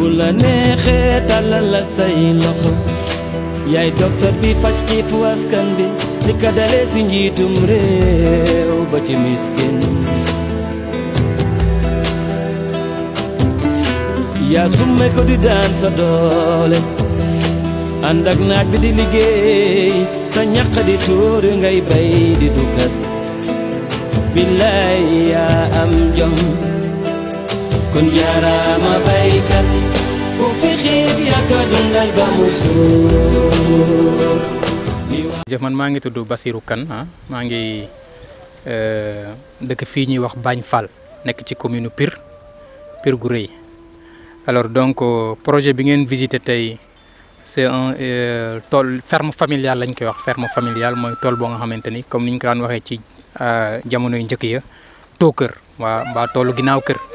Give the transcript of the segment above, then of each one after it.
bu la neexee tàllal loxo yaay docteur bi faj xiifu askan bi li ko njiitum réew ba ci miskin yaa summe ko di daan sa doole ànd ak naaj bi di liggéey sa ñaq di tuur ngay bay di dukkat billaay yaa am jom kon jaaraama baykat bu fi xiif dundal ba mu jëf man maa ngi tudd Basirou kan ah maa ngi euh, dëkk fii ñuy wax Bagne Fall nekk ci commune Pire piir gu rëy alors donc euh, projet bi ngeen visité tey c'est un euh, tool ferme familiale lañ koy wax ferme familiale mooy tool boo nga xamante ni comme ni ñu ko daan waxee ci jamono yu njëkk ya too kër waa mbaa toolu ginnaaw kër.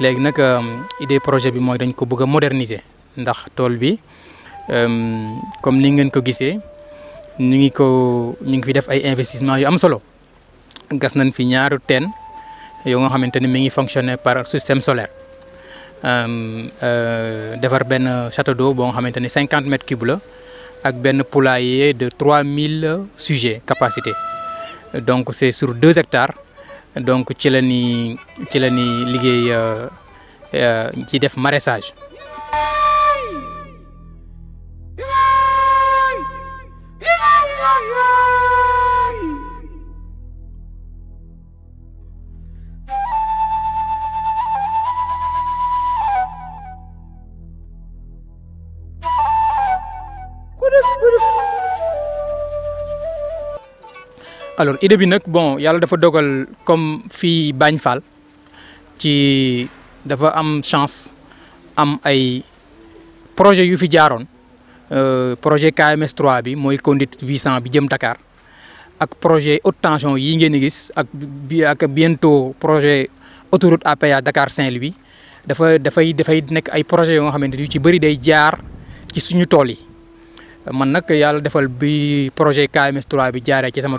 léegi nag euh, idée projet bi moy dañ ko bëgg moderniser ndax tool bi euh, comme ni ngeen ko gissé ñu ngi ko ñu ngi fi def ay investissement yu am solo gas nañ fi ñaaru ten yo nga xamanteni mi ngi fonctionner par système solaire euh, defar ben château d'eau bo nga xamanteni 50 mètres cubes la ak ben poulailler de 3000 sujets capacité donc c'est sur deux hectares. donc ci la ci la ñuy liggéey euh, euh, ci def maraîchage alors idée bi que bon yàlla dafa dogal comme fi Bagnfal, Fall ci dafa am chance am ay projet yu fi euh, projet KMS 3 bi mooy conduite 800 bi jëm Dakar ak projet haute tension yi ngeen di ak bi ak bientôt projet autoroute à Dakar Saint-Louis dafa dafay dafay nekk ay projet yoo nga xamante yu ci bëri day jaar ci suñu tool yi man nag le defal bi projet KMS 3 bi jaaree ci sama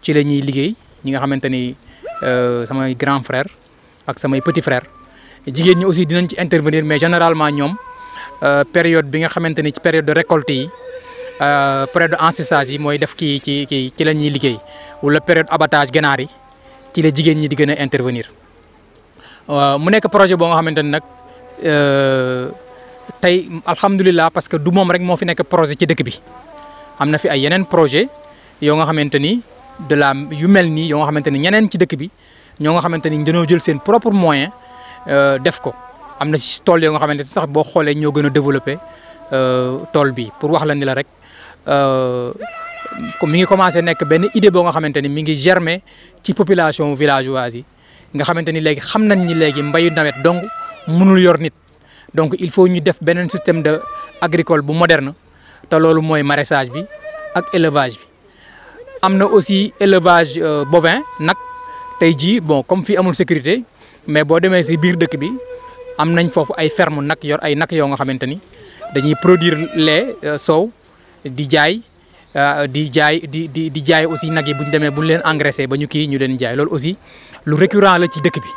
ci lañuy ñuy liggéey ñi nga xamante ni euh, samay grand frère ak samay petit frère jigéen ñi aussi dinañ ci intervenir mais généralement ñoom euh, période bi nga xamante ni ci période de récolte yi euh, période d'ensissage yi mooy def kii ci kii ci la ñuy liggéey wala période abattage genaar yi ci la jigéen ñi di gën a intervenir mu nekk projet boo nga xamante ni nag tey alhamdulilah parce que du moom rek moo fi nekk projet ci dëkk bi am na fi ay yeneen projet yoo nga xamante ni de la yu mel nii yoo nga xamante ni ñeneen ci dëkk bi ñoo nga xamante ni dañoo jël seen propre moyen euh, def ko am na si tool yoo nga xamante sax boo xoolee ñoo gën a développé euh, tool bi pour wax la ni la rek comme euh, mi ngi commencé nekk benn idée boo nga xamante ni mi ngi germer ci population villageoise yi nga xamante ni léegi xam nañ ni léegi mbayu nawet donc mënul yor nit donc il faut ñu def beneen système de agricole bu moderne te loolu mooy maraîchage bi ak élevage bi am aussi élevage euh, bovin nak tey bon comme fi amul sécurité mais bo démé ci biir dëkk bi am fofu ay ferme nak yor ay nak yo nga xamanteni dañuy produire lait euh, sow di jaay euh, di jaay di di di jaay aussi nag yi bu ñu demee bu ñu leen engraissé ba ñu ñu leen jaay lool aussi lu récurrent la ci dëkk bi.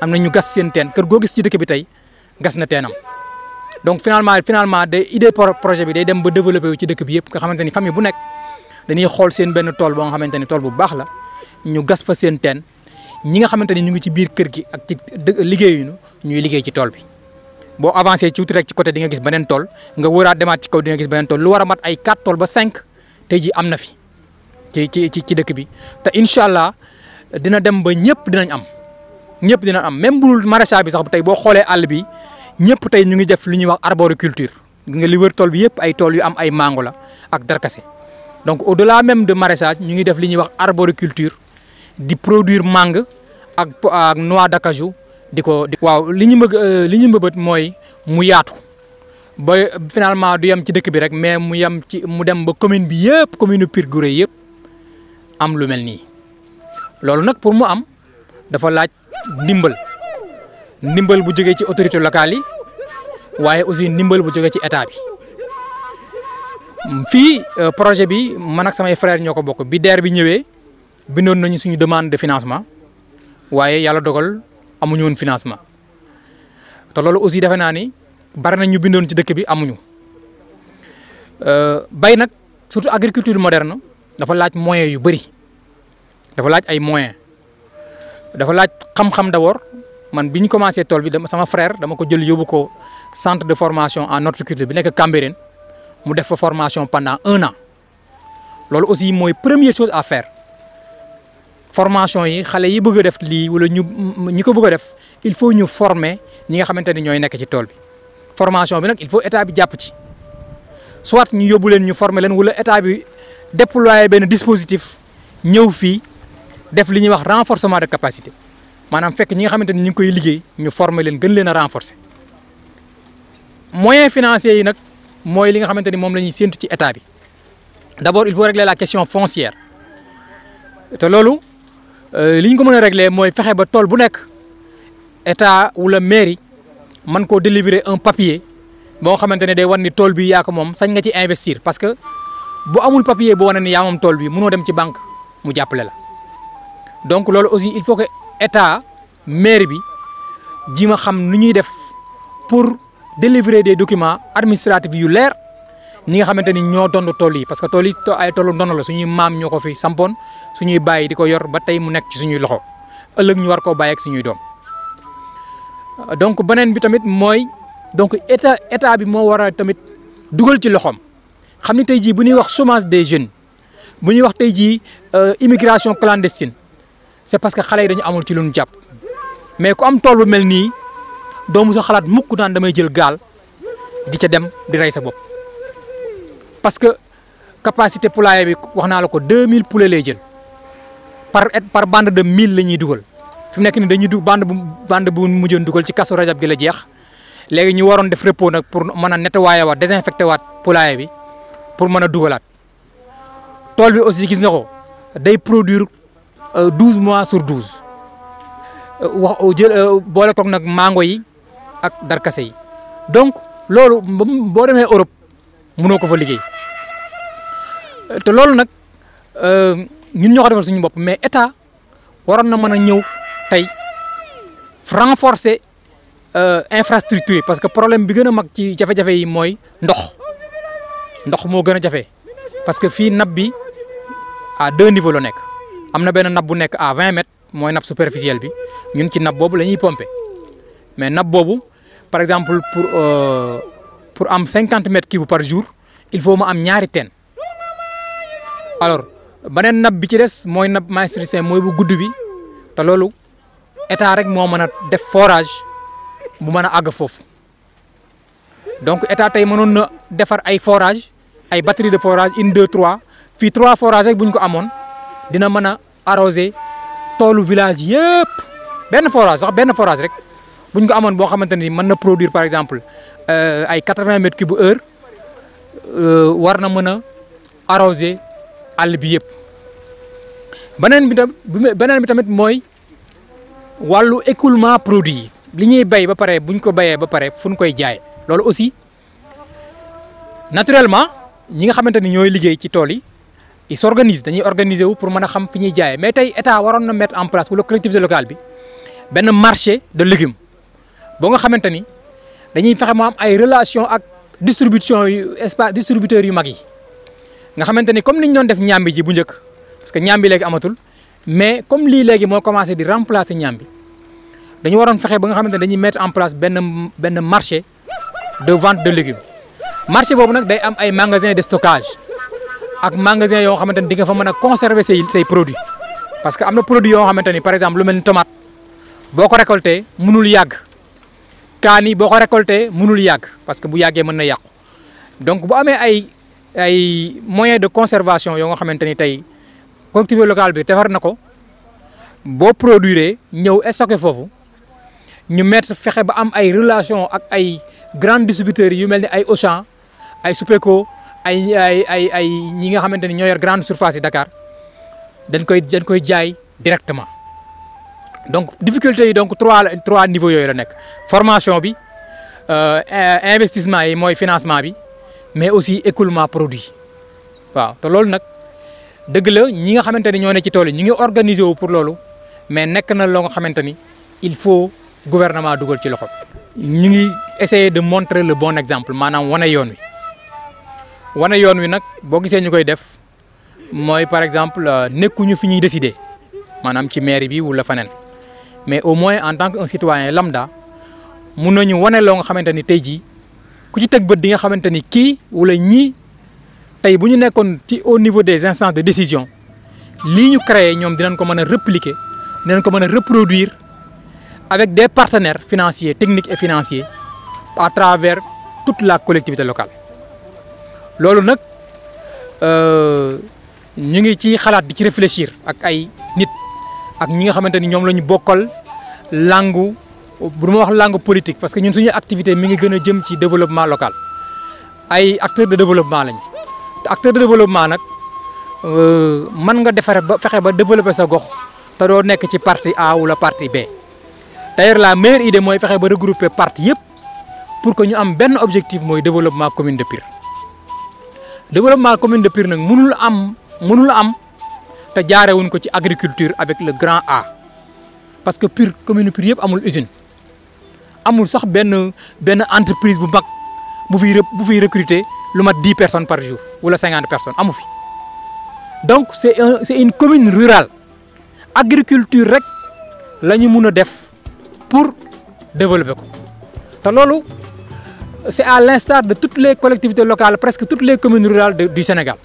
am ñu gas seen teen kër go gis ci dëkk bi tay gas na teenam donc finalement finalement day idée projet bi day dem ba développer wu ci dëkk bi yëpp nga xamante ni famille bu nek dañuy xol seen benn tool bo nga xamante ni tool bu bax la ñu gas fa seen ten ñi nga xamante ñu ngi ci biir kër gi ak ci liggéeyuñu ñuy liggéey ci tool bi. bo avancer ci tuuti rek ci côté di nga gis benen tool nga wëraat demat ci kaw di nga gis benen tool lu wara mat ay 4 tool ba 5 tay ji amna fi ci ci ci dëkk bi te inshallah dina dem ba ñëpp dinañ am ñëpp dina am même bu maraîchage bi sax tay bo xolé all bi ñëpp tay ñu ngi def lu ñuy wax arboriculture nga li wër tool bi yëpp ay tool yu am ay mango la ak darkase donc au delà même de maraîchage ñu ngi def li ñuy wax arboriculture di produire mangue ak ak noix d'acajou di ko waaw li ñu mën euh, li ñu mbëbët mooy mu yaatu ba finalement du yam ci dëkk bi rek mais mu yam ci mu dem ba commune bi yëpp commune Pire yëpp am lu mel nii loolu nag pour mu am dafa laaj dimbal nimbal bu joge ci autorité locale yi waaye aussi nimbal bu joge ci état bi fi euh, projet bi man ak samay frère ñoko ko bokk bi DER bi ñëwee bindoon nañu suñu demande de financement waaye yalla dogal amuñu won financement te lolu aussi defé na ni bar nañu bindon ci dëkk bi amuñu euh, bay nak surtout agriculture moderne dafa laaj moyens yu bari dafa laaj ay moyens dafa laaj xam-xam d'abord man bi commencé tol bi dama sama frère dama ko jël yóbbu ko centre de formation en horticulture bi nek Cambérène mu def fa formation pendant un an lolou aussi moy première chose à faire formation yi xalé yi bëgg def li wala ñu ñiko bëgg def il faut ñu former ñi nga xamante ñoy nek ci tol bi formation bi nak il faut état bi japp ci soit ñu yóbbu leen ñu former leen wala état bi déployer ben dispositif ñëw fi def li ñi wax renforcement de capacité manam fekk ñi nga xamanteni ñi ñu ngi koy liggéey ñu former leen gën leen a renforcer moyens financiers yi nag mooy li nga xamante ni moom la ñuy séntu ci état bi d'abord il faut régler la question foncière te loolu euh, li ñu ko mën a régler mooy fexe ba tool bu nekk état wala mairie man koo délivrer un papier boo xamante ne day wan ni tool bi yaa ko moom sañ nga ci investir parce que bu amul papier boo wane ni yaa moom tool bi mënoo dem ci banque mu jàppale la donc loolu aussi il faut que état maire bi djima xam pour délivrer des documents administratifs yu leer ni nga xamanteni ni dondo toli parce que Toli to ay la suñuy mam ñoko fi sampon suñuy yor ba mu ci loxo ñu war ak donc bi tamit donc état état bi tamit duggal ci loxom xamni tay ji bu ñuy wax chômage des jeunes bu ñuy wax euh, immigration clandestine. c'est parce que xalé yi dañu amul ci luñu japp mais ku am tol bu melni doomu sa xalat mukk naan damay jël gal di ca dem di ray sa bop parce que capacité poulailler bi waxna la ko 2000 poulet lay jël par par bande de 1000 lañuy duggal fi nek ni dañuy dug bande bu bande bu mujjon duggal ci kasso rajab gi la jeex légui ñu waron def repo nak pour mëna nettoyer wat désinfecter wat poulailler bi pour mëna duggalat tol bi aussi gis nga ko day produire 12 euh, mois sur 12. Euh, wax euh, jël boole koog nag mango yi ak darkase yi donc lolu bo demee Europe mënoo ko fa liggéey te nak euh ñun ñoko ko defal suñu bop mais état waron na mën a ñëw tey renforcer infrastructure parce que problème bi gën mag ci jafé jafé yi moy ndox ndox mo gën jafé parce que fi nappe bi à deux niveaux lo nek y suis à 20 mètres moy nab superficiel bi ñun ci pomper mais nab bobu par exemple pour euh, pour 50 mètres par jour il faut que am ñaari alors benen nab bi ci des moy nab maastrichtien moy bu bi ta lolu état rek def forage bu donc état tay ay forage ay batterie de forage une deux trois fi trois forage dina mën a arroser toolu village yëpp benn forage sax benn forage rek bu ñu ko amoon boo xamante ni mën na produire par exemple euh, ay quatre-vingts mètres cube heure euh, war na mën a arroser àll bi yëpp. beneen bi tam beneen bi tamit mooy wàllu écoulement produit yi li ñuy bay ba pare buñ ko bayee ba pare fu koy jaay loolu aussi naturellement ñi nga xamante ni ñooy liggéey ci tool yi. ils s'organisent dañuy organiser pour mën a xam fi ñuy mais tay état waroon mettre en place le collectif local bi ben marché de légumes boo nga xamanteni ni dañuy fexe mu am ay relation ak distribution espace distributeurs yu mag yi nga xamanteni comme niñ ñu doon def ñambi ji bu njëkk parce que ñambi léegi amatul mais comme li léegi mo commencé di remplacer ñambi. dañu waroon fexe ba nga xamanteni ni dañuy mettre en place ben ben marché de vente de légumes marché bobu nak day am ay magasins de stockage ak magasin yo xamanteni ni di nga fa mëna conserver say say produits parce que amna na produit yoo xamante par exemple lu mel tomate boko ko récolté mënul yag kaani boko ko récolté mënul yag parce que bu yagé mën na yàqu donc bu amé ay ay moyens de conservation yo nga xamante ni tey collectivité locale bi defar na bo produire ñew stocké fofu ñu mettre fexé ba am ay relation ak ay grands distributeurs yu melni ay Auchan ay Supéco ay ay une grande surface yi Dakar directement donc difficulté yi donc trois niveaux la formation euh, investissement et financement mais aussi écoulement produit produits..! Donc, loolu pour cela, mais il faut gouvernement le gouvernement essayer de montrer le bon exemple maintenant wane yoon wi nag boo gisee ñu koy def mooy par exemple euh, nekkuñu fi ñuy décider maanaam ci mairie bi wala faneen mais au moins en tant que un citoyen lambda mun nañu wane loo nga xamante ni tey jii ku ci teg bët di nga xamante ni kii wala ñii tey bu ñu nekkoon ci au niveau des instances de décision lii ñu créé ñoom dinañ ko mën a répliquer dinañ ko mën reproduire avec des partenaires financiers techniques et financiers à travers toute la collectivité locale. loolu nag euh, ñu ngi ci xalaat di ci réfléchir ak ay nit ak ñi nga xamante ni ñoom la ñu bokkal langu bu ma wax langue politique parce que ñun suñu activité mi ngi gën a jëm ci développement local ay acteurs de développement lañ acteur de développement nag euh, mën nga defaree ba fexe ba développer sa gox te doo nekk ci parti A wala parti B d'ailleurs la meilleure idée mooy fexe ba regrouper parti yëpp pour que ñu am benn objectif mooy développement commune de Pire développement commune de Pire nak mënul am mënul am te jaarewuñ ko ci agriculture avec le grand A parce que la commune Pire est amul usine amul sax ben ben entreprise bu mag bu bu recruter lu mat personnes par jour wala 50 personnes donc c'est c'est une commune rurale agriculture rek lañu que def pour développer ko c'est à l'instar de toutes les collectivités locales, presque toutes les communes rurales du Sénégal.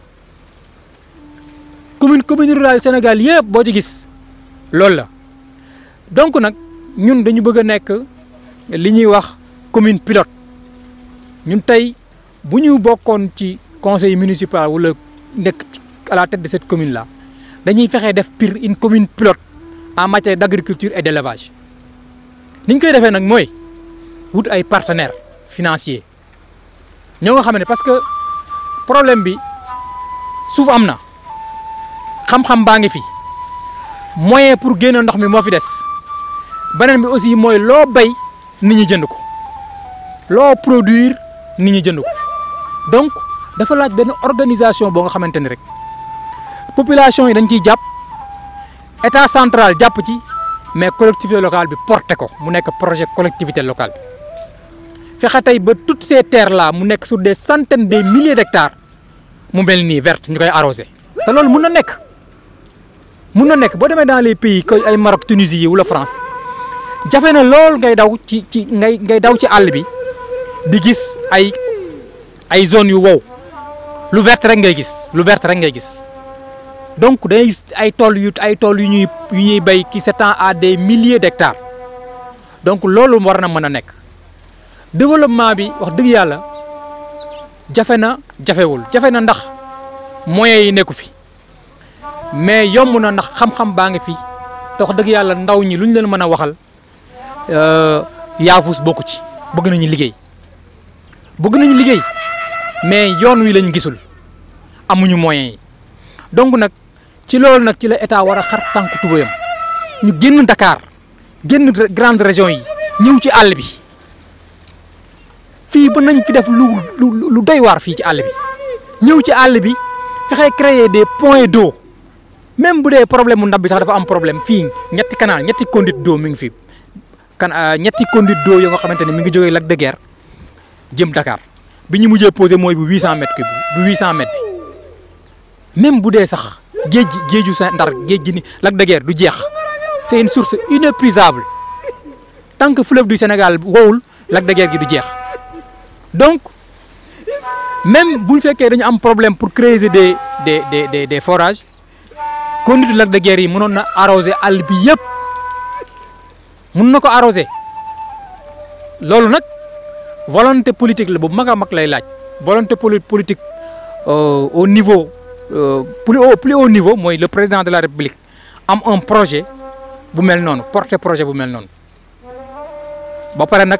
commune commune rurale Sénégal sont boo ci la donc nous.. Nous dañu bëgg commune pilote Nous avons bu ñu conseil municipal Ou à la tête de cette commune là Nous avons def pire une commune pilote en matière d'agriculture et d'élevage Nous avons koy defee partenaires financier ñoo nga parce que problème bi souvent amna, na xam-xam baa fi moyen pour génne ndox mi moo fi des bi aussi mooy loo bay nit ñi jënd produire nit ñi donc dafa laaj benn organisation boo nga xamante ni rek population yi dañ ciy jàpp état central jàpp ci mais collectivité locale bi porté ko mu nekk projet collectivité locale fexe tey ba toutes ces terres là mu nekk sur des centaines des milliers d'hectares, hectares mu mel nii verte ñu koy arroser. te loolu mun na nekk mun na nekk boo demee dans les pays que ay Maroc Tunisie ou la France jafe na lool ngay daw ci ci ngay ngay daw ci àll bi di gis ay ay zones yu wow lu verte rek ngay gis lu verte rek ngay gis donc dangay gis ay tool yu ay tool yu ñuy yu ñuy béy qui s'étend à des milliers d'hectares. donc loolu war na mën a nekk. développement bi wax dëgg yàlla jafe na jafewul jafe na ndax moyens yi nekku fi mais yomb na ndax xam-xam baa ngi fi te wax dëgg yàlla ndaw ñi lu ñu leen mën a waxal euh, yaafus bokk ci bëgg nañu liggéey bëgg nañu liggéey mais yoon wi lañ gisul amuñu moyens yi donc nag ci loolu nag ci la état war a xar tànk tubéyam ñu génn Dakar génn grande région yi ñëw ci àll bi fi bu nañ fi def lu lu doy war fi ci all bi ñew ci all bi fexé créer des points d'eau même bu dé problème ndab bi sax dafa am problème fi ñetti canal ñetti conduite d'eau mi ngi fi kan ñetti conduite d'eau yo nga xamanteni mi ngi joggé lac de guerre jëm Dakar bi ñu mujjé poser moy bu 800 mètres cube bu 800 mètres même bu dé sax geej geejju sa ndar geej ni lac de guerre du jeex c'est une source inépuisable tant que fleuve du Sénégal wowul lac de guerre gi du jeex donc même bu fekkee dañu am problème pour créer des des des des forages conduite lac de Guiers yi mënoon na arroser Albi. bi yëpp mun na ko arroser loolu volonté politique la bu mag a mag lay laaj volonté politique euh, au niveau euh, plus haut plus haut niveau moi le président de la république am un projet bu mel noonu porter projet bu mel noonu ba pare nag.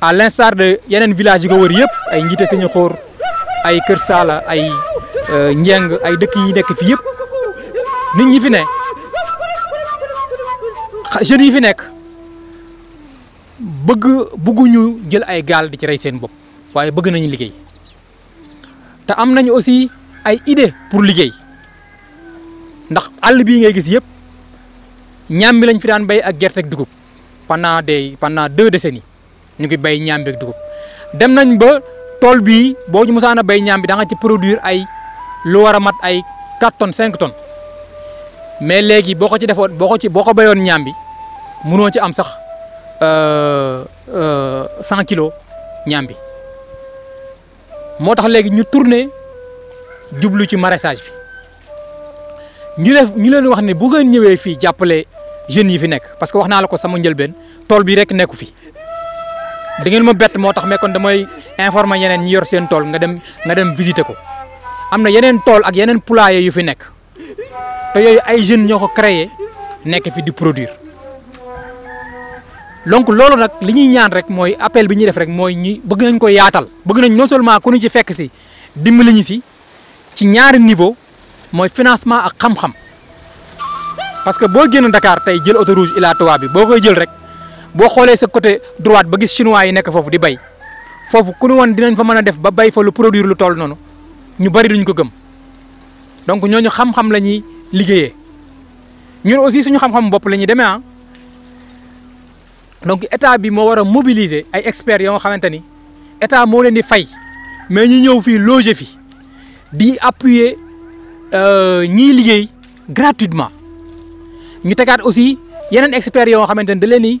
à l'instar sarde yeneen village yi ko wër yëpp ay njiite sañu xoor ay Kër Saala ay euh, Njeng ay dëkk yi nekk fii yëpp nit ñi fi ne jeunes yi fi nekk bëgg bëgguñu jël ay gaal di ci rey seen bopp waaye bëgg nañu liggéey te am nañu aussi ay idée pour liggéey ndax àll bii ngay gis yëpp ñaam lañ fi daan béy ak gerte ak dugub pendant des pendant deux décennies. ñu ngi bay ñam ak dugub dem nañ ba tol bi bo ñu musana bay ñam bi da nga ci produire ay lu wara mat ay 4 tonnes 5 tonnes mais légui boko ci defo boko ci boko bayon ñam bi mëno ci am sax euh euh 100 kg ñam bi motax légui ñu tourner djublu ci maraissage bi ñu def ñu leen wax ni bu ngeen ñëwé fi jappalé jeune yi fi nek parce que wax naa la ko sama njëlbeen tol bi rek neeku fi da ngeen ma bett moo tax mais kon damay informer yeneen ñi yor seen tool nga dem nga dem visiter ko am na yeneen tool ak yeneen poulailler yu fi nekk te yooyu ay jeunes ñoo ko créer nekk fi di produire donc loolu nag li ñuy ñaan rek mooy appel bi ñuy def rek mooy ñi bëgg nañ ko yaatal bëgg nañ non seulement ku ñu ci fekk si dimbali lañu si ci ñaari niveau mooy financement ak xam-xam parce que boo génn Dakar tey jël autoroute Ila Touba bi boo koy jël rek. boo xoolee sa côté droite ba gis chinois yi nekk foofu di bay foofu ku nu woon dinañ fa mën a def ba bay fa lu produire lu toll noonu ñu bari ñu ko gëm donc ñooñu xam-xam la ñuy liggéeyee ñun aussi suñu xam-xam bopp la ñuy demee ah donc état bi moo war a mobiliser ay experts yoo xamante ni état moo leen di fay mais ñu ñëw fii loger fi di appuyer euh, ñiy liggéey gratuitement ñu tegaat aussi yeneen experts yoo xamante ni da leen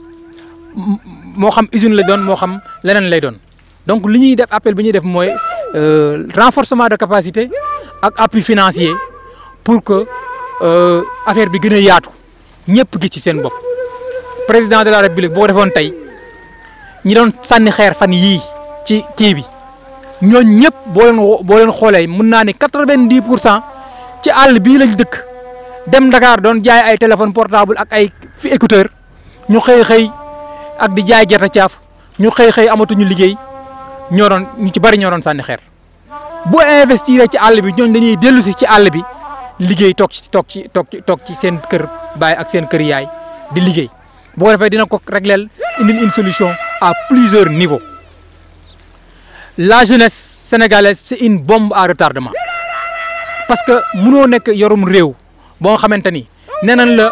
moo xam usine lay doon moo xam leneen lay doon donc li ñuy def appel bi ñuy def mooy euh, renforcement de capacité ak appui financier pour que euh, affaire bi gën a yaatu ñëpp gi ci seen bopp président de la république boo defoon tey ñi doon sànni xeer fan yii ci kii bi ñooñ ñëpp boo leen boo leen xoolee mën naa ne quatre-vingt-dix pour cent ci àll bii lañ dëkk dem Dakar doon jaay ay téléphone portable ak ay fi écouteur ñu xëy xëy ak di jaay gerte caaf ñu xëy xëy liggéey ñoo doon ñu ci bari investir ci bi dañuy si ci àll bi liggéey toog ci ci ci kër une solution à plusieurs niveaux la jeunesse sénégalaise c'est une bombe à retardement parce que mënoo yorum réew boo la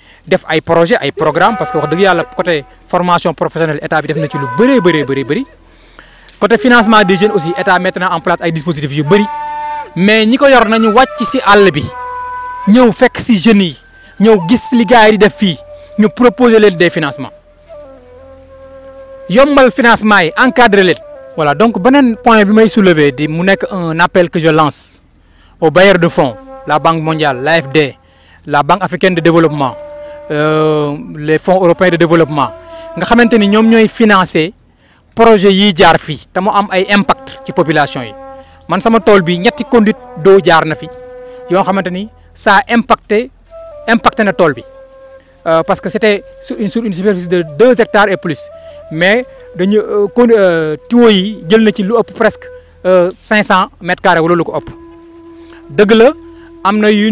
def ay projet ay programme parce que wax deug yalla côté formation professionnelle état bi def na ci lu béré béré béré béré côté financement des jeunes aussi état mettre en place ay dispositifs yu béré mais ñi ko yor nañu wacc ci all bi ñew fekk ci jeunes yi ñëw gis li gaay di def fi ñu proposer leen des financements yombal financement yi encadrer leen. voilà donc un point bi may soulever di mu nek un appel que je lance aux bailleurs de fonds la banque mondiale l'AFD la banque africaine de développement. Euh, les fonds européens de développement. Nous avons financé les projets qui ont un impact sur la population. Je suis très bien, nous avons conduit deux jarnes. Nous avons fait ça a impacté, impacté tol. Euh, parce que c'était sur une surface de 2 hectares et plus. Mais nous avons tout eu, presque euh, 500 mètres carrés. Nous avons eu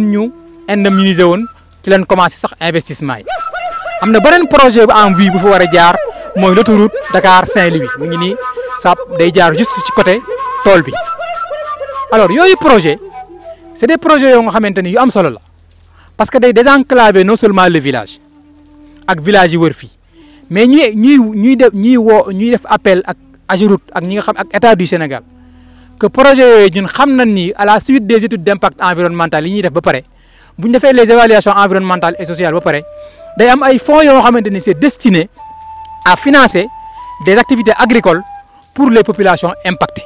une mini-zone ci leen commencé sax investissement Il y a un projet en vie bu fa war a l'autoroute Dakar Saint-Louis Il ngi a sap day juste ci côté de bi alors il projet c'est des projets yoo nga projets ni yu am solo parce que day désenclavé non seulement le village le village de Wurfi. mais nous nous nous def nous def appel à Ageroute ak ñi état du Sénégal que projet ñun à la suite des études d'impact environnemental nous avons def ba buñ on les évaluations environnementales et sociales il paré day am ay fonds yo c'est destiné à financer des activités agricoles pour les populations impactées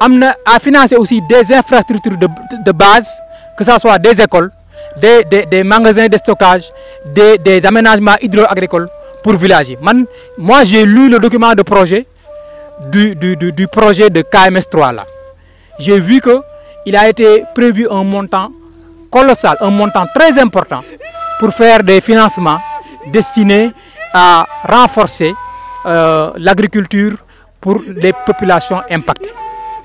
amna à financer aussi des infrastructures de de base que ça soit des écoles des des magasins de stockage des des aménagements hydro-agricoles pour village man moi j'ai lu le document de projet du du du projet de KMS 3 là j'ai vu que il a été prévu un montant colossal, un montant très important pour faire des financements destinés à renforcer euh, l'agriculture pour les populations impactées.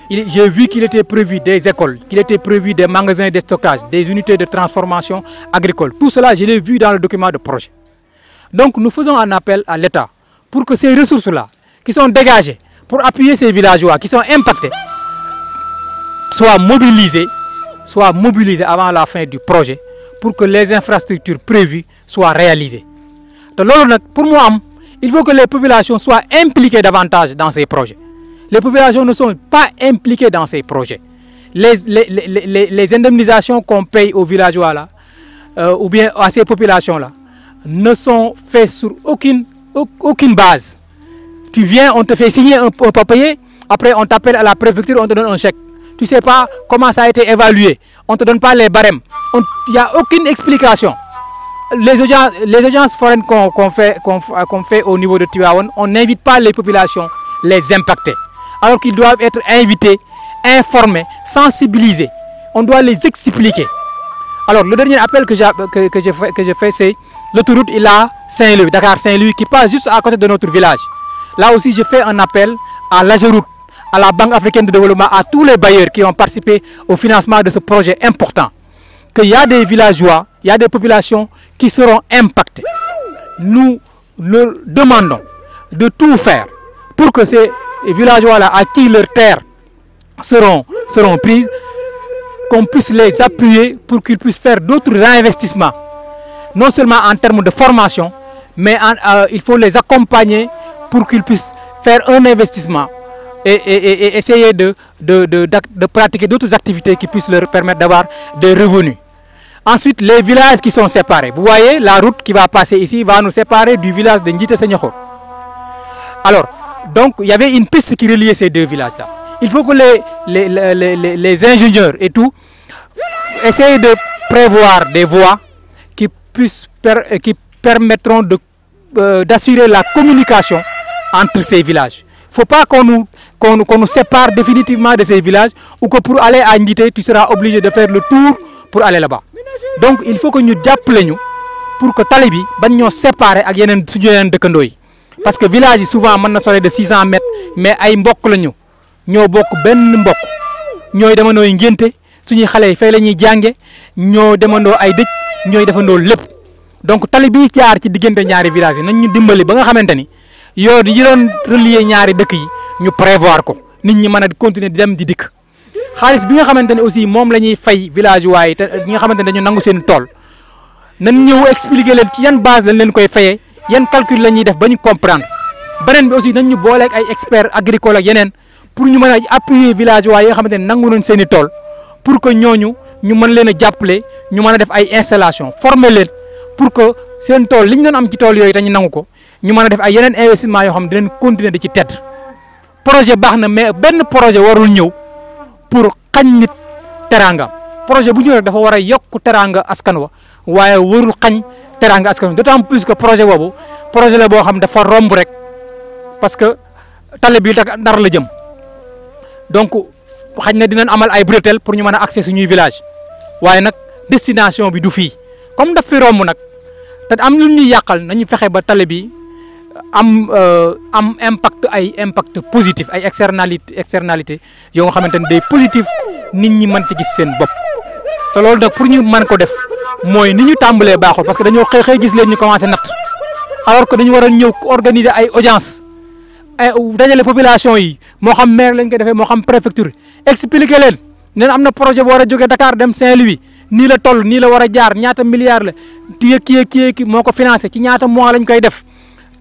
J'ai vu qu'il était prévu des écoles, qu'il était prévu des magasins de stockage, des unités de transformation agricole. Tout cela, je l'ai vu dans le document de projet. Donc nous faisons un appel à l'État pour que ces ressources-là, qui sont dégagées, pour appuyer ces villageois qui sont impactés, soient mobilisées soit mobilisé avant la fin du projet pour que les infrastructures prévues soient réalisées pour moi, il faut que les populations soient impliquées davantage dans ces projets les populations ne sont pas impliquées dans ces projets les indemnisations qu'on paye aux villageois là euh, ou bien à ces populations là ne sont faites sur aucune aucune base tu viens on te fait signer un, un papier après on t'appelle à la préfecture on te donne un chèque tu ne sais pas comment ça a été évalué. On ne te donne pas les barèmes. Il n'y a aucune explication. Les agences les foraines qu'on fait, fait, au niveau de Tivaouane, on n'invite pas les populations les impacter. Alors qu'ils doivent être invités, informés, sensibilisés. On doit les expliquer. Alors le dernier appel que, que, que je, que je fais, c'est l'autoroute il a Saint-Louis, Dakar Saint-Louis, qui passe juste à côté de notre village. Là aussi, je fais un appel à la à la Banque africaine de développement, à tous les bailleurs qui ont participé au financement de ce projet important, qu'il y a des villageois, il y a des populations qui seront impactées. Nous leur demandons de tout faire pour que ces villageois-là, à qui leurs terres seront, seront prises, qu'on puisse les appuyer pour qu'ils puissent faire d'autres investissements, non seulement en termes de formation, mais euh, il faut les accompagner pour qu'ils puissent faire un investissement et, essayer de, de, de, pratiquer d'autres activités qui puissent leur permettre d'avoir des revenus. Ensuite, les villages qui sont séparés. Vous voyez, la route qui va passer ici va nous séparer du village de Ndjite Alors, donc, il y avait une piste qui reliait ces deux villages-là. Il faut que les, les, les, les, ingénieurs et tout essayent de prévoir des voies qui, puissent qui permettront euh, d'assurer la communication entre ces villages. Il ne faut pas qu'on nous qu'on nous sépare définitivement de ces villages ou que pour aller à Ndité, tu seras obligé de faire le tour pour aller là-bas. Donc il faut que nous nous pour que Talibi nous séparent avec les villages. Parce que les villages souvent de 600 mètres, mais ils sont des ñoo bokk sont mbokk ils fay ñoo ne ay pas lépp donc Talibi ci village nañ ñu dimbali ba nga ñu prévoir ko nit ñi mën a continuer di dem di dikk xaalis bi nga xamante ne aussi moom la ñuy fay villageois yi te ñi nga xamante ne dañu nangu seen tool nan ñëw expliquer leen ci yan base lañ leen koy fayee yan calcul la ñuy def ba ñu comprendre beneen bi aussi nañ ñu booleeg ay experts agricoles ak pour ñu mën a appuyer villageois yi nga xamante ne nangu nañ seeni tool pour que ñooñu ñu mën leen a jàppale ñu mën a def ay installation former leen pour que seen tool li ñu doon am ci tool yooyu dañu nangu ko ñu mën a def ay yeneen investissement yoo xam ne dinañ continuer di ci tedd projet baxna mais ben projet warul ñew pour xagn nit teranga projet bu ñëw dafa wara yok teranga askan wa waye warul xagn teranga askan wa d'autant plus que projet bobu projet la bo xam dafa romb rek parce que talé bi ndar la jëm donc xagn dinañ amal ay bretel pour ñu mëna accès suñu village waye nak destination bi du fi comme dafa romb nak te am ñu ñuy yakal nañu fexé ba talé bi am euh, am impact ay impact positif ay externalité externalité yoo nga xamante ni day positif nit ñi mën ci gis seen bopp te loolu nag pour ñu mën ko def mooy ni ñu tàmbalee baaxul parce que dañoo xëy gis leen ñu commencé natt alors que dañu war a ñëw organiser ay audience ay dajale population yi moo xam maire lañ koy defee moo xam préfecture expliquer leen ne am na projet bu war a jógee Dakar dem Saint-Louis nii la toll nii la war a jaar ñaata milliards la kii ak kii kii moo ko financé ci ñaata mois lañ koy def.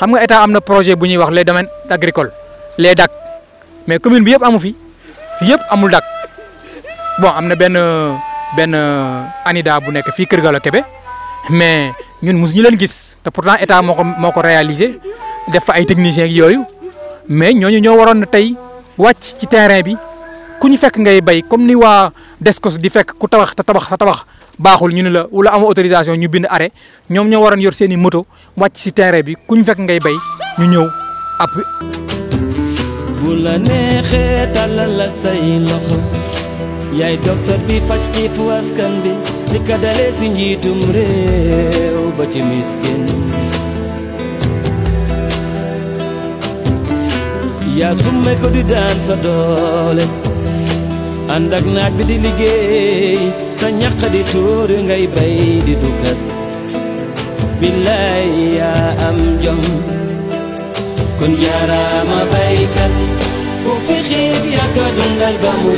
xam nga état amna bunyi projet bu ñuy wax les domaines agricoles les DAC mais commune bi yëpp amu fi fi yëpp amul DAC bon amna ben ben anida bu nekk fi Kër Galo Kébé mais ñun mosuñu leen gis te pourtant état moko moko réaliser def fa ay techniciens yoyu mais ñoñu ñoo waroon tay wacc ci terrain bi ku fekk ngay bay comme ni waa Descos di fekk ku tabax ta tabax ta tabax baaxul ñu ne la wula amoo autorisation ñu bind arrêt ñoom ñoo waroon yor seen i moto wàcc si terrain bi ku ñu fekk ngay bay ñu ñëw app bu la neexee tàllal la say loxo yaay docteur bi faj xiifu askan bi li ko dalee si njiitum réew ba ci miskin yaa summee ko di daan sa doole ànd ak naaj bi di liggéey sa ñaq di bay di duggat billaay yaa am jom kon jaaraama baykat bu fi xiif yaa ko dundal ba mu